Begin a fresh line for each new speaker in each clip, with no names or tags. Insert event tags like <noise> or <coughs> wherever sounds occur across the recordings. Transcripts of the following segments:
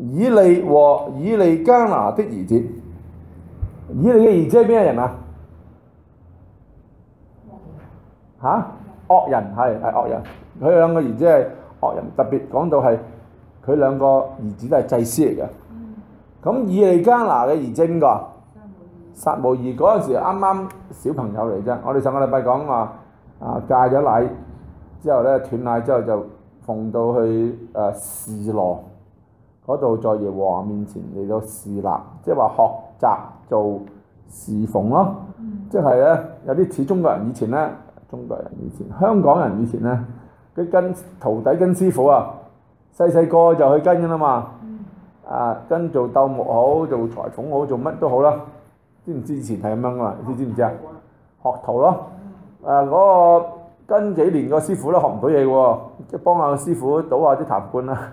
以利和以利加拿的兒子，以利的兒子係邊啊人啊？嚇、啊，惡人係係惡人。佢兩個兒子係惡人，特別講到係佢兩個兒子都係祭司嚟嘅。咁、嗯、以利加拿嘅兒子個撒母耳，撒母耳嗰時啱啱小朋友嚟啫。我哋上個禮拜講話、啊、戒咗奶之後咧斷奶之後就放到去誒、啊、示羅。嗰度在耶和華面前嚟到侍立，即係話學習做侍奉咯。即係咧，有啲似中國人以前咧，中國人以前、香港人以前咧，佢跟徒弟跟師傅啊，細細個就去跟㗎啦嘛。嗯、啊，跟做鬥木好，做裁縫好，做乜都好啦、啊。知唔知以前係咁樣㗎嘛、啊？你知唔知啊？學徒咯。啊，嗰、嗰個跟幾年個師傅都學唔到嘢喎、啊，即係幫下個師傅倒下啲痰罐啦。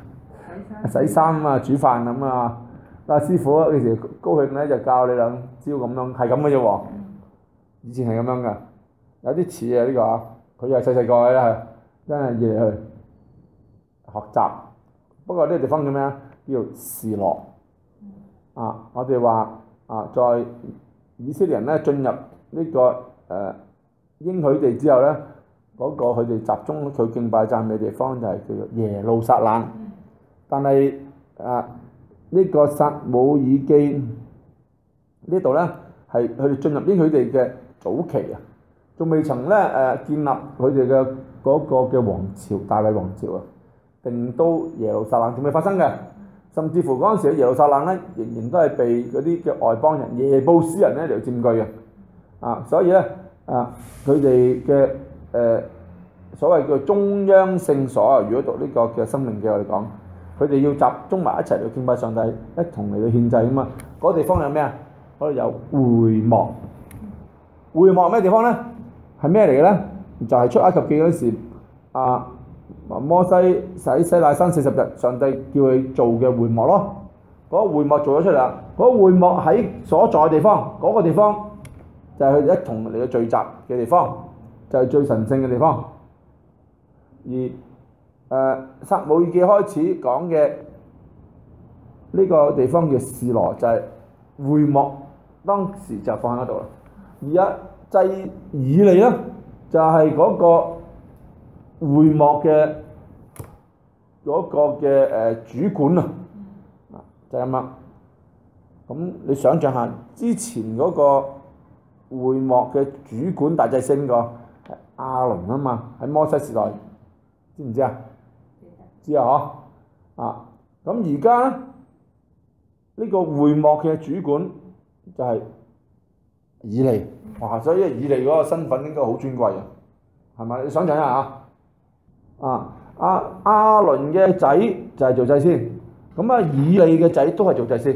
洗衫啊煮飯咁啊！嗱、啊，但師傅嗰時高興咧，就教你兩招咁樣，係咁嘅啫喎。以前係咁樣噶，有啲似啊呢、這個啊，佢又細細個啦，真係越嚟越學習。不過呢個地方叫咩啊？叫做示羅、嗯、啊！我哋話啊，在以色列人咧進入呢、這個誒、呃、應許地之後咧，嗰、那個佢哋集中佢敬拜神嘅地方就係叫做耶路撒冷。嗯但係啊，呢、這個撒母耳記呢度呢，係佢哋進入啲佢哋嘅早期還沒啊，仲未曾咧建立佢哋嘅嗰個嘅王朝、大衞王朝啊，定都耶路撒冷仲未發生嘅。甚至乎嗰陣時嘅耶路撒冷呢，仍然都係被嗰啲嘅外邦人、耶布斯人咧嚟佔據嘅。啊，所以呢，啊，佢哋嘅所謂叫中央聖所啊，如果讀呢個嘅《申命記》嚟講。佢哋要集中埋一齊去敬拜上帝，一同嚟到獻祭啊嘛！嗰、那個、地方有咩啊？嗰、那、度、個、有會幕，會幕咩地方咧？係咩嚟嘅咧？就係、是、出埃及記嗰時、啊，摩西喺西奈山四十日，上帝叫佢做嘅會幕咯。嗰會幕做咗出嚟啦，嗰會幕喺所在地方嗰、那個地方，地方，就係佢哋一同嚟到聚集嘅地方，就係最神聖嘅地方。而。誒《撒母耳記》開始講嘅呢個地方叫示羅，就係、是、會幕，當時就放喺度啦。而家祭司以利啦，就係、是、嗰個會幕嘅嗰、那個嘅誒主管啊，就係、是、咁。咁你想像下，之前嗰個會幕嘅主管大祭司邊個？亞倫啊嘛，喺摩西時代，知唔知啊？知道啊，啊，咁而家呢個會幕嘅主管就係以利，哇！所以以利嗰個身份應該好尊貴嘅，係咪？你想像一下啊，啊阿阿倫嘅仔就係做祭司，咁啊以利嘅仔都係做祭司，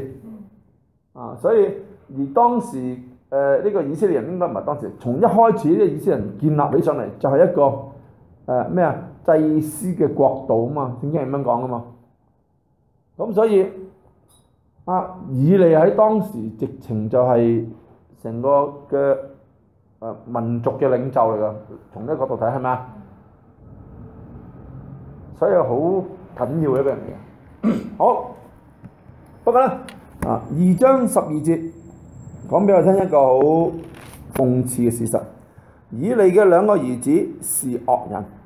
啊！所以而當時誒呢、呃呢個以色列人應該唔係當時，從一開始呢個以色列人建立起上嚟就係一個誒咩啊？呃祭司嘅國度嘛，正點解咁樣講啊嘛？咁所以、啊、以利喺當時直情就係成個嘅、啊、民族嘅領袖嚟噶，從呢個角度睇係咪？所以好緊要嘅一個人嚟嘅 <coughs> 好，不過呢，啊，二章十二節講俾我聽一個好諷刺嘅事實：以利嘅兩個兒子是惡人。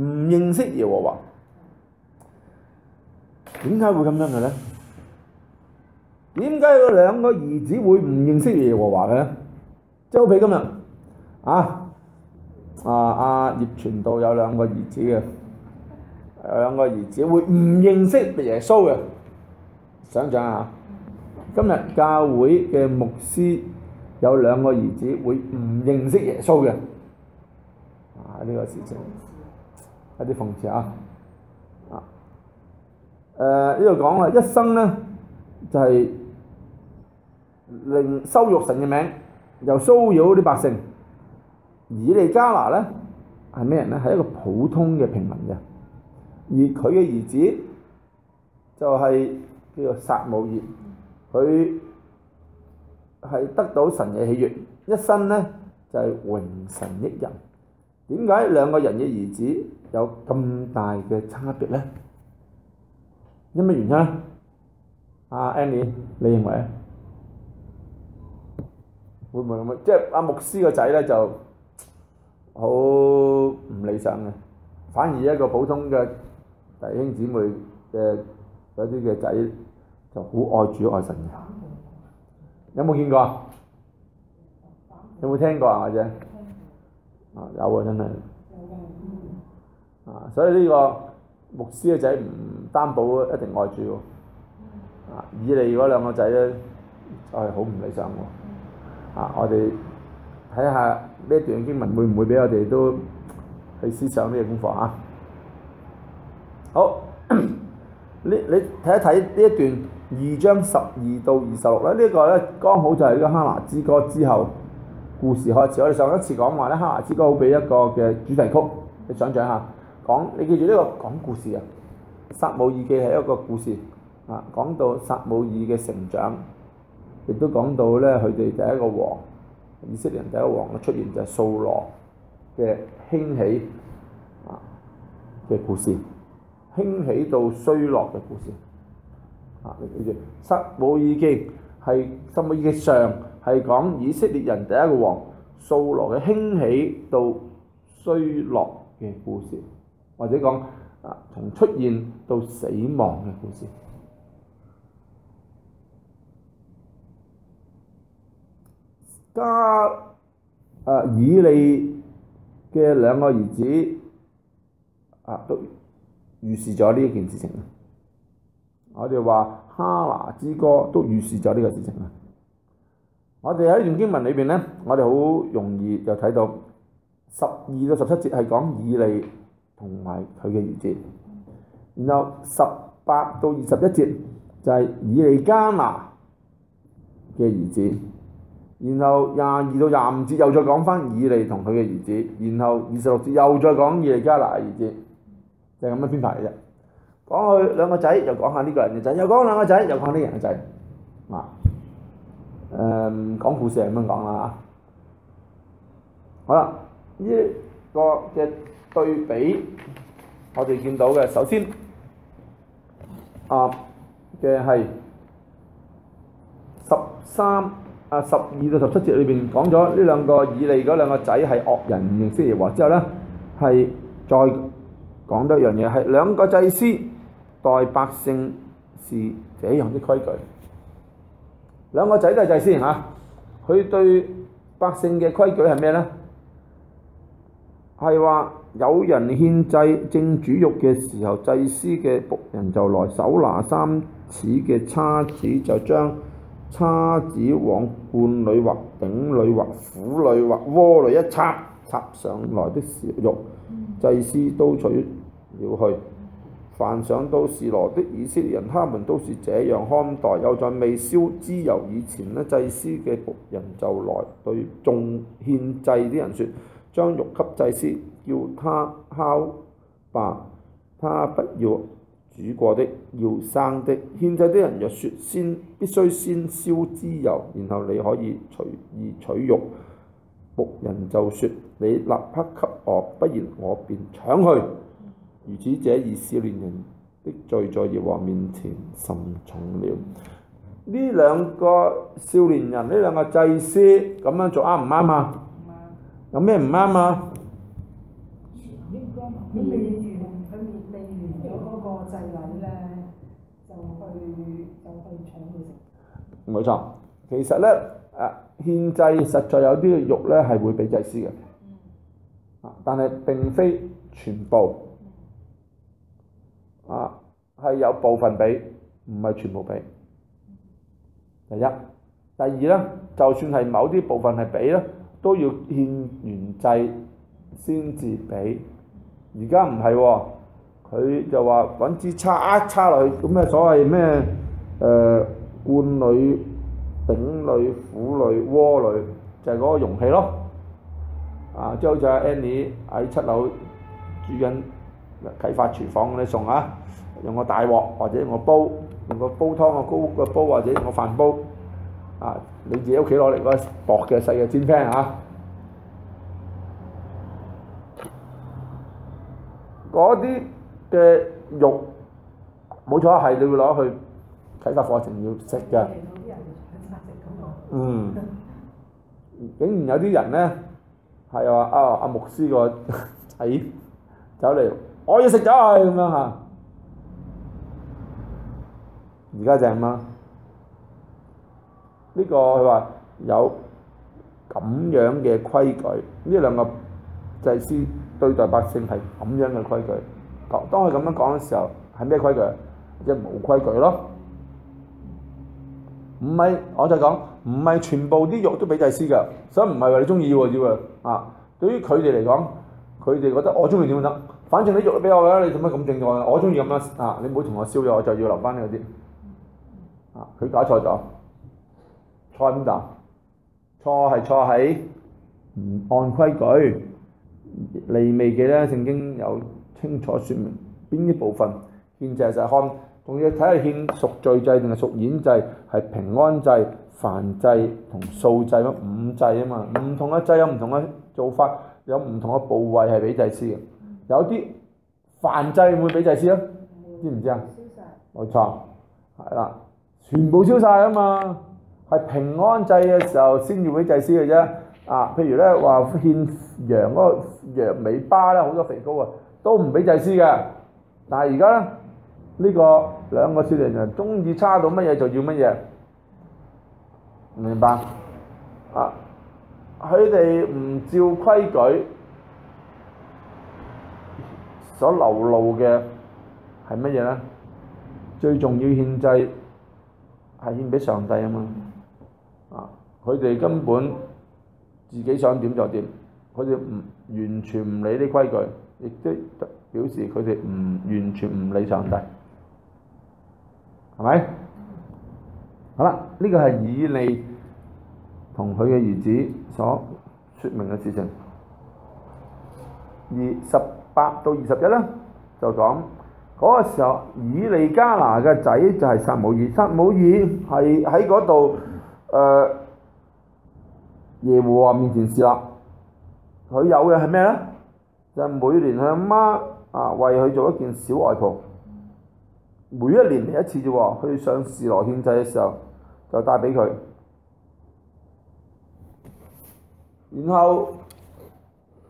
唔認識耶和華，點解會咁樣嘅咧？點解嗰兩個兒子會唔認識耶和華嘅？即係好比今日，啊啊啊葉傳道有兩個兒子嘅，兩個兒子會唔認識耶穌嘅？想像下，今日教會嘅牧師有兩個兒子會唔認識耶穌嘅，啊呢、這個事情。一啲諷刺啊，啊，呢度講啊，一生呢就係、是、令羞辱神嘅名，又騷擾啲百姓。以利加拿呢係咩人呢？係一個普通嘅平民嘅，而佢嘅兒子就係叫做撒母耳，佢係得到神嘅喜悅，一生呢就係、是、榮神益人。點解兩個人嘅兒子有咁大嘅差別呢？因乜原因咧？阿、uh, Annie，你認為咧？ <music> 會唔會咁啊？ <music> 即係阿牧師個仔咧就好唔理想嘅，反而一個普通嘅弟兄姐妹嘅嗰啲嘅仔就好愛主愛神嘅。有冇見過？ <music> 有冇聽過啊？或者？ <music> <music> 啊，有啊，真係啊。所以呢個牧師嘅仔唔擔保一定愛主喎，啊，以利嗰兩個仔咧就係好唔理想喎。啊，我哋睇下呢一段經文會唔會俾我哋都去思想呢個功課啊？好 <coughs> 你你睇一睇呢一段二章十二到二十六啦，呢個咧剛好就係呢、呢個哈拿之歌之後。故事開始，我哋上一次講話咧《哈華之歌》好俾一個嘅主題曲，你想想下講，你記住呢、這個講故事啊，《撒母耳記》係一個故事啊，講到撒母耳嘅成長，亦都講到咧佢哋第一個王以色列人第一個王嘅出現就係掃羅嘅興起啊嘅故事，興起到衰落嘅故事啊，你記住《撒母耳記》係《撒母耳記上》。係講以色列人第一個王掃羅嘅興起到衰落嘅故事，或者講啊從出現到死亡嘅故事。加啊以利嘅兩個兒子啊都預示咗呢件事情。我哋話哈拿之歌都預示咗呢個事情啦。我哋喺呢段經文裏邊呢，我哋好容易就睇到十二到十七節係講以利同埋佢嘅兒子，然後十八到二十一節就係以利加拿嘅兒子，然後廿二到廿五節又再講翻以利同佢嘅兒子，然後二十六節又再講以利加拿嘅兒子，就係咁樣編排嘅啫。講佢兩個仔，又講下呢個人嘅仔，又講兩個仔，又講下呢人嘅仔，嗱。誒、嗯、講故事係咁樣講啦嚇，好啦，呢、這個嘅對比，我哋見到嘅首先啊嘅係、就是、十三啊十二到十七節裏邊講咗呢，兩個以利嗰兩個仔係惡人，唔認識耶和華，之後呢係再講多一樣嘢，係兩個祭司待百姓是這樣的規矩。兩個仔都係祭司。佢對百姓嘅規矩係咩呢？係話有人獻祭正煮肉嘅時候，祭司嘅僕人就來手拿三齒嘅叉子，就將叉子往罐裏或鼎裏或釜裏或鍋裏一插，插上來的肉，祭司都取了去。凡上到示羅的以色列人，他們都是這樣看待。又在未燒脂油以前呢，祭司嘅僕人就來對眾獻祭啲人說：將肉給祭司，叫他烤吧，他不要煮過的，要生的。獻祭啲人若說先必須先燒脂油，然後你可以隨意取肉，僕人就說：你立刻給我，不然我便搶去。如此，這二少年人的罪在耶和華面前甚重了。呢兩個少年人，呢兩個祭司咁樣做啱唔啱啊？有咩唔啱啊？你未完佢未完嘅嗰個祭禮咧，就去就去搶佢。冇錯，其實呢，誒獻祭實在有啲肉呢係會俾祭司嘅，啊但係並非全部。啊，係有部分俾，唔係全部俾。第一、第二呢，就算係某啲部分係俾呢，都要獻完祭先至畀。而家唔係喎，佢就話揾支叉叉落去，咁嘅所謂咩誒罐裡、鼎、呃、裡、釜裡、鍋裡，就係、係、嗰個容器咯。啊，即係好似阿 Annie 喺七樓住緊。啟發廚房嗰啲餸啊，用個大鑊或者用個煲，用個煲湯個高個煲或者用個飯煲啊，你自己屋企攞嚟個薄嘅細嘅煎 pan 嚇，嗰啲嘅肉冇錯係你會攞去啟發課程要食㗎。嗯，竟然有啲人咧係話啊，阿牧師個仔走嚟。我要食咗佢咁樣嚇，而家就係咁啦。呢、呢個佢話有咁樣嘅規矩，呢兩個祭司對待百姓係咁樣嘅規矩。講當佢咁樣講嘅時候，係咩規矩？即係冇規矩咯。唔係，我就講，唔係全部啲肉都俾祭司嘅，所以唔係話你中意要啊？對於佢哋嚟講，佢哋覺得我中意點得。反正你肉都俾我啦，你做乜咁正當？我中意咁樣啊！你唔好同我燒咗，我就要留翻呢啲啊！佢搞錯咗，錯邊度？錯係錯喺唔按規矩，你未記得聖經有清楚説明邊啲部分？獻祭就係看，仲要睇下獻贖罪祭定係贖愆祭、係平安祭、燔祭同素祭。五祭啊嘛，唔同嘅祭，有唔同嘅做法，有唔同嘅部位係俾祭司嘅。有啲燔祭會俾祭司咯。嗯、知唔知啊？冇光錯，係啦，全部燒曬啊嘛！係平安祭嘅時候先要俾祭司嘅啫。啊，譬如咧話獻羊嗰，那個羊尾巴咧，好多肥膏啊，都唔俾祭司嘅。但係而家呢，呢、這個兩個小靈人鍾意差到乜嘢就要乜嘢，明白啊？佢哋唔照規矩。所流露嘅係乜嘢呢？最重要獻祭係獻畀上帝啊嘛！啊，佢哋根本自己想點就點，佢哋完全唔理啲規矩，亦都表示佢哋完全唔理上帝，係咪？好啦，呢個係以利同佢嘅兒子所説明嘅事情，二十八到二十一呢，就講嗰、那個時候，以利加拿嘅仔就係撒母耳，撒母耳係喺嗰度誒耶和華面前侍立，佢有嘅係咩呢？就係、每年佢阿媽啊為佢做一件小外袍。每一年嚟一次啫喎，佢上示羅來獻祭嘅時候就帶畀佢，然後。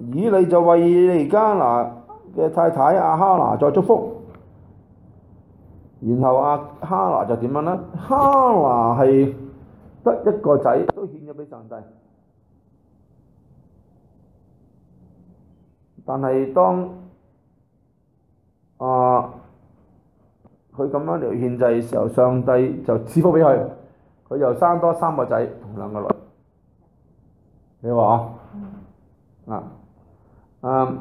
以利就為以利加拿嘅太太阿哈拿再祝福，然後阿哈拿就點樣呢？哈拿係得一個仔都獻咗俾上帝，但係當啊佢咁樣嚟獻祭嘅時候，上帝就賜福俾佢，佢又生多三個仔同兩個女，你話、嗯、啊？嗱～誒、um,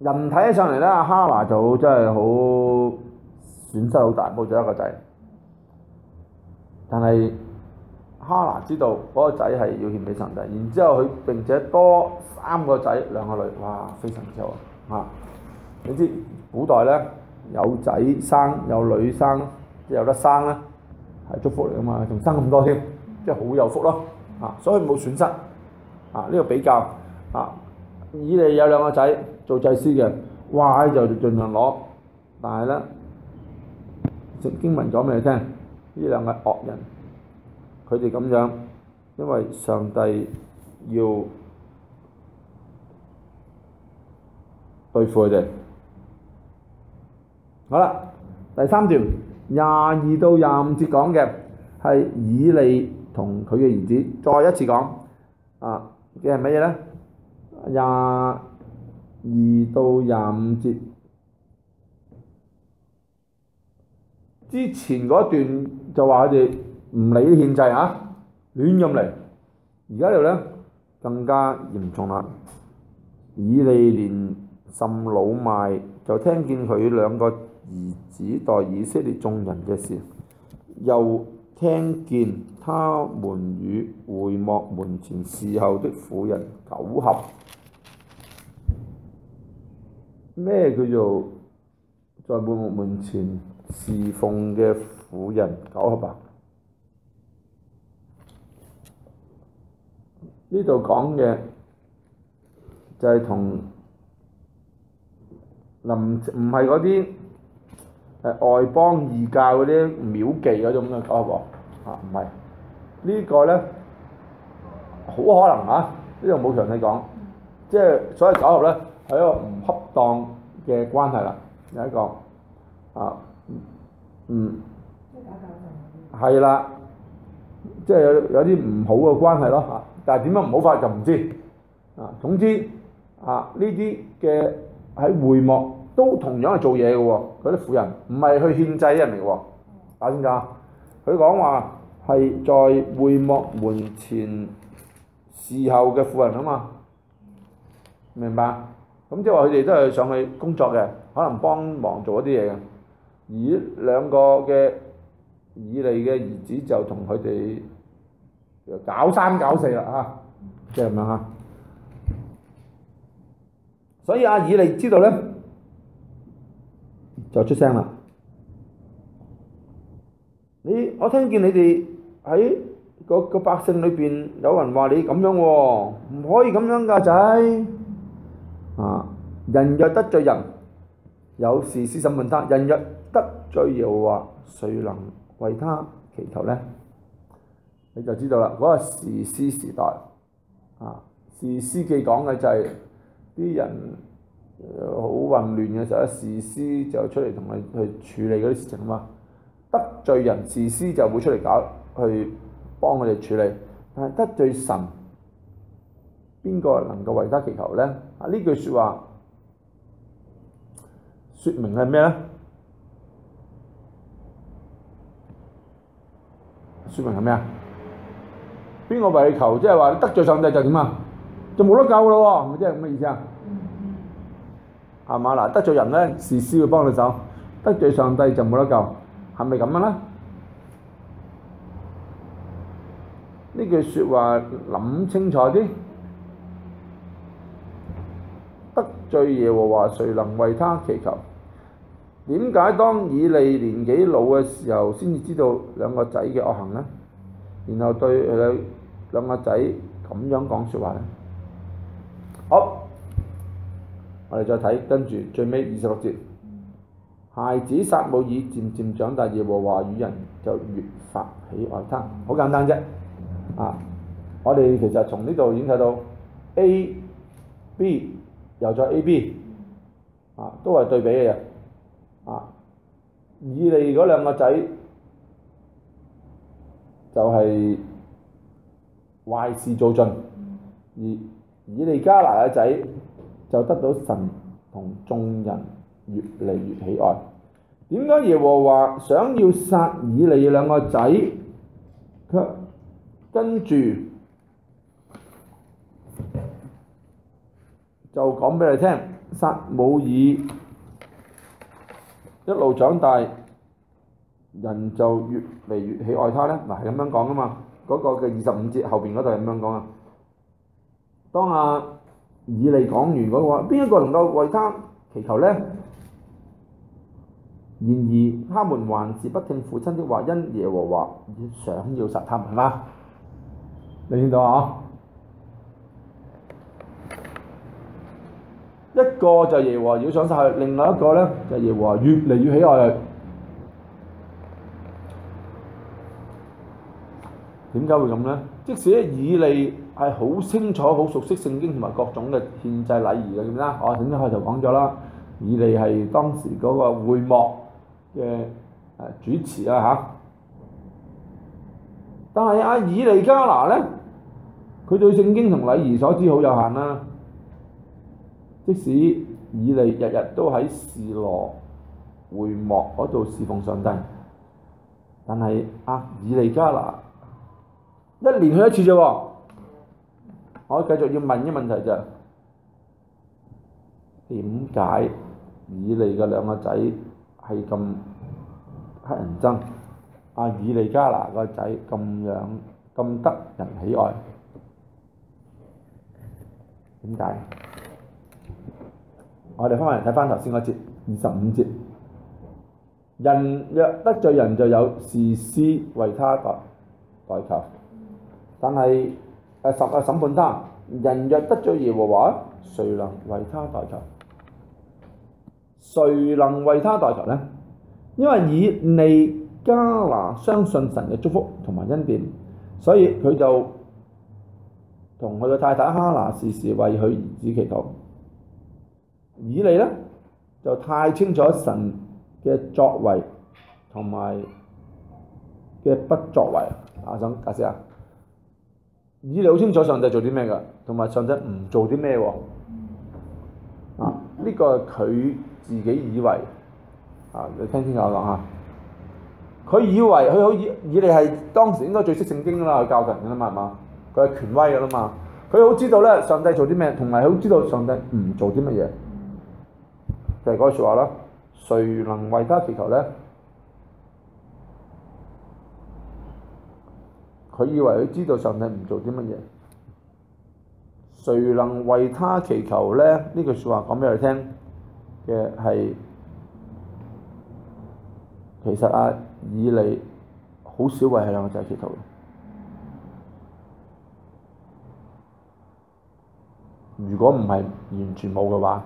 人睇起上嚟咧，哈拿就真係好損失好大，冇咗一個仔。但係哈拿知道嗰個仔係要獻畀上帝。然之後佢並且多三個仔兩個女，哇非常之好嚇、啊！你知古代咧有仔生有女生即有得生啦，係祝福嚟噶嘛，仲生咁多添，即係好有福咯、啊、～啊，所以冇損失。啊，呢個比較啊，以利有兩個仔做祭司嘅，壞就盡量攞。但係呢，經文講俾你聽，呢兩個惡人，佢哋咁樣，因為上帝要對付佢哋。好啦，第三條廿二到廿五節講嘅係以利。同佢嘅兒子再一次講，啊嘅係乜嘢呢？廿二,二到廿五節之前嗰段就話佢哋唔理啲獻祭啊亂咁嚟。而家呢度呢，更加嚴重喇。以利年甚老邁，就聽見佢兩個兒子待以色列眾人嘅事，又。聽見他們與會幕門前侍候的婦人苟合，咩叫做在會幕門前侍奉嘅婦人苟合吧？呢度講嘅就係同林唔唔係嗰啲。誒外邦異教嗰啲廟妓嗰種嘅苟合啊，唔係、這個、呢個咧，好可能嚇，呢個冇詳細講，即、就、係、是、所有苟合咧係一個唔恰當嘅關係啦，有一個啊，嗯，係啦，即、就、係、是、有有啲唔好嘅關係咯嚇、啊，但係點樣唔好法就唔知啊，總之啊呢啲嘅喺會幕。都同樣係做嘢嘅喎，嗰啲婦人唔係去勸制啲人嚟喎，打邊個佢講話係在會幕門前侍候嘅婦人啊嘛，明白？咁即係話佢哋都係上去工作嘅，可能幫忙做一啲嘢嘅。而兩個嘅以利嘅兒子就同佢哋搞三搞四啦嚇，即係咁樣嚇、啊。所以阿、啊、以利知道咧。就出聲啦！你我聽見你哋喺個，個百姓裏邊有人話你咁樣喎，唔可以咁樣㗎、啊，仔啊！人若得罪人，有士師審問他；人若得罪又話誰能為他祈求呢？你就知道啦！嗰、那個士師時代啊，士師記講嘅就係、是、啲人。好、呃、混亂嘅時候，士師就出嚟同你去處理嗰啲事情嘛。得罪人，士師就會出嚟搞，去幫佢哋處理。但係得罪神，邊個能夠為他祈求咧？啊，呢句説話，説明係咩咧？説明係咩啊？邊個為你求即係話你得罪上帝就點啊？就冇得救啦喎！係咪即係咁嘅意思啊？係嘛嗱？得罪人咧，士師會幫你手；得罪上帝就冇得救，係咪咁樣咧？呢句説話諗清楚啲。得罪耶和華，誰能為他祈求？點解當以利年紀老嘅時候，先至知道兩個仔嘅惡行咧？然後對佢兩個仔咁樣講説話咧？好。我哋再睇，跟住最尾二十六節，嗯、孩子撒母耳漸漸長大，耶和華與人就越發喜愛他。好簡單啫，啊！我哋其實從呢度已經睇到 A、B，又再 A、B，啊，都係對比嘅，啊！以利嗰兩個仔就係壞事做盡，而以利加拿嘅仔，就得到神同眾人越嚟越喜愛。點解耶和華想要殺以利兩個仔，卻跟住就講俾你聽，撒母耳一路長大，人就越嚟越喜愛他咧。嗱，係咁樣講噶嘛？嗰個嘅二十五節後邊嗰度係咁樣講啊。當阿以利講完嗰個話，邊一個能夠為他祈求呢？然而，他們還是不聽父親的話，因耶和華要想要殺他，係嘛？你聽到啊？一個就是耶和華要想殺佢，另外一個呢就是耶和華越嚟越喜愛佢。點解會咁呢？即使咧以利。係好清楚、好熟悉聖經同埋各種嘅獻祭禮儀嘅，記唔記得？哦、啊，總就講咗啦。以利係當時嗰個會幕嘅主持啦、啊、但係阿、啊、以利加拿呢，佢對聖經同禮儀所知好有限啦、啊。即使以利日日都喺示羅會幕嗰度侍奉上帝，但係阿、啊、以利加拿一年去一次啫喎。我繼續要問嘅問題就點解以利嘅兩個仔係咁乞人憎？阿以利加拿個仔咁樣咁得人喜愛，點解？我哋翻翻嚟睇翻頭先嗰節，二十五節，人若得罪人，就有士師為他代代求，但係，誒審，誒審判他人若得罪耶和華，誰能為他代求？誰能為他代求呢？因為以利加拿相信神嘅祝福同埋恩典，所以佢就同佢嘅太太哈拿時時為佢兒子祈禱。以利呢就太清楚神嘅作為同埋嘅不作為，啊，我想解釋下！以利好清楚上帝做啲咩㗎，同埋上帝唔做啲咩喎？啊，呢、這個佢自己以為，啊，你聽先我講下。佢、啊、以為佢好以以利係當時應該最識聖經㗎啦，教人㗎啦嘛，佢係權威㗎啦嘛。佢好知道咧上帝做啲咩，同埋好知道上帝唔做啲乜嘢。就係嗰句説話啦，誰能為他祈求咧？佢以為佢知道上帝唔做啲乜嘢，誰能為他祈求咧？呢句説話講俾佢聽嘅係，其實阿、啊、以利好少為兩個仔祈禱。如果唔係完全冇嘅話，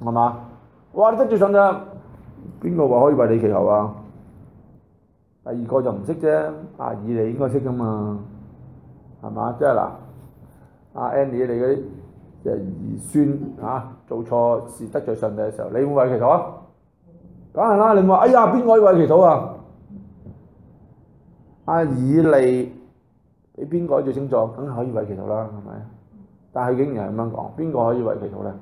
係嘛？嘩，你得罪上帝啦！邊個話可以為你祈求啊？第二個就唔識啫，阿以利應該識㗎嘛，係咪？即係嗱，阿、啊、Andy 你嗰啲即係兒孫做錯事得罪上帝嘅時候，你會為祈禱，啊？梗係啦！你唔話，哎呀，邊個可以為祈禱啊？阿、啊、以利，你邊個最清楚？梗係可以為祈禱啦，係咪？但係竟然係咁樣講，邊個可以為祈禱呢？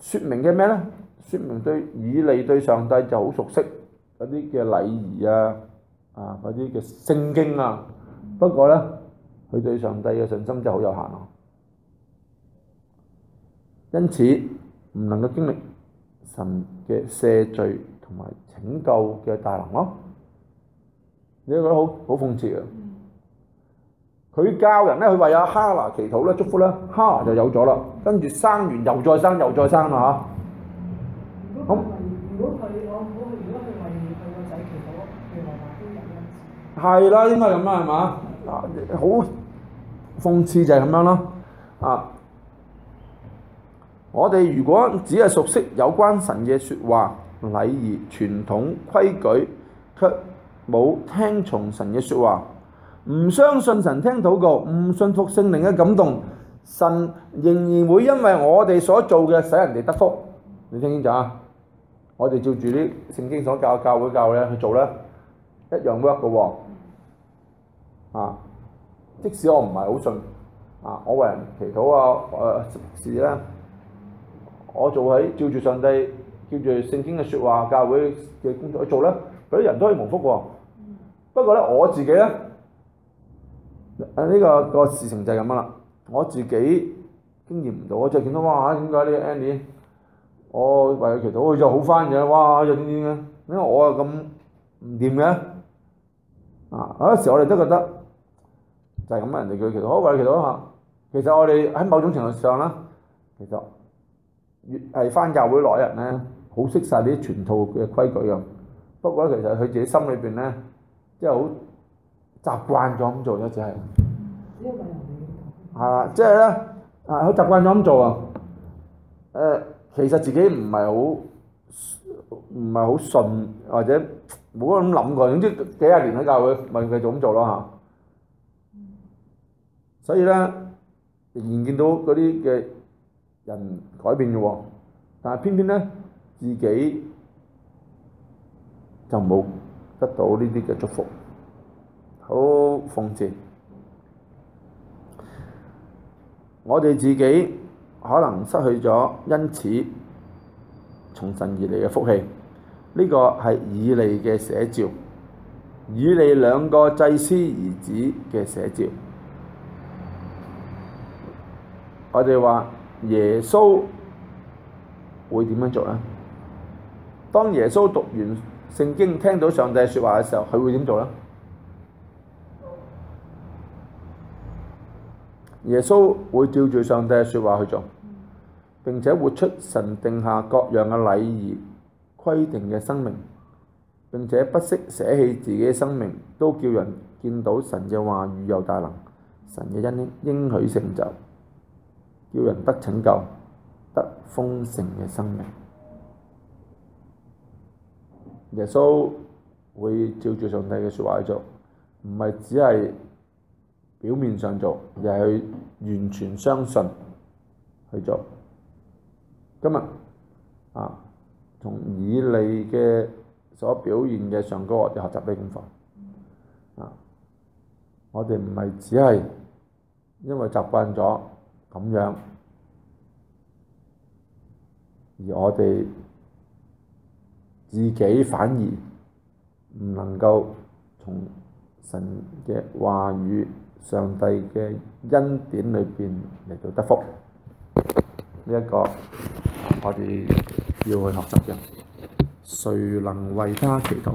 説明嘅咩呢？説明對以利對上帝就好熟悉。嗰啲嘅禮儀啊，啊，嗰啲嘅聖經啊，不過咧，佢對上帝嘅信心就好有限咯，因此唔能夠經歷神嘅赦罪同埋拯救嘅大能咯，你都覺得好好諷刺啊！佢教人咧，佢為哈拿祈禱咧，祝福咧，哈拿就有咗啦，跟住生完又再生又再生啊嚇！咁，如果係，如果係我，如果係。係啦，應該係咁啦，係嘛？好、啊、諷刺就係咁樣咯，啊。啊！我哋如果只係熟悉有關神嘅説話、禮儀、傳統規矩，卻冇聽從神嘅説話，唔相信神聽禱告，唔信服聖靈嘅感動，神仍然會因為我哋所做嘅使人哋得福。你聽清楚啊！我哋照住啲聖經所教嘅教會教嘅去做啦。一樣 work 嘅喎，啊！即使我唔係好信，啊，我為人祈禱啊，誒、呃、事咧，我做喺照住上帝，照住聖經嘅説話，教會嘅工作去做呢，嗰啲人都可以蒙福嘅、哦。不過呢，我自己咧，呢、這個、這個事情就係咁啦。我自己經驗唔到，我就見到哇！點解呢安妮我為佢祈禱，我就好返嘅，哇！又點點嘅，因為我啊咁唔掂嘅。啊！嗰時我哋都覺得就係咁啊，人哋叫祈禱，好我為祈禱啊。其實我哋喺某種程度上咧，其實越係翻教會耐人咧，好識晒啲全套嘅規矩啊。不過咧，其實佢自己心裏邊咧，即係好習慣咗咁做咧，只係。係啦，即係咧，啊，佢、就是、習慣咗咁做啊。誒，其實自己唔係好唔係好順或者。冇咁諗過，總之幾廿年喺教會，咪繼續咁做咯嚇、啊。所以呢，仍然見到嗰啲嘅人改變嘅喎，但係偏偏呢，自己就冇得到呢啲嘅祝福，好諷刺。我哋自己可能失去咗，因此從神而嚟嘅福氣。呢個係以利嘅寫照，以利兩個祭司兒子嘅寫照。我哋話耶穌會點樣做咧？當耶穌讀完聖經，聽到上帝説話嘅時候，佢會點做咧？耶穌會照住上帝嘅説話去做，並且活出神定下各樣嘅禮儀。規定嘅生命，並且不惜捨棄自己嘅生命，都叫人見到神嘅話語有大能，神嘅恩應，應許成就，叫人得拯救、得豐盛嘅生命。耶穌會照住上帝嘅説話去做，唔係只係表面上做，而係完全相信去做。今日啊！從以利嘅所表現嘅上高我哋學習嘅功課，我哋唔係只係因為習慣咗咁樣，而我哋自己反而唔能夠從神嘅話語、上帝嘅恩典裏邊嚟到得福呢一個，我哋。要去學習嘅，誰能為他祈禱？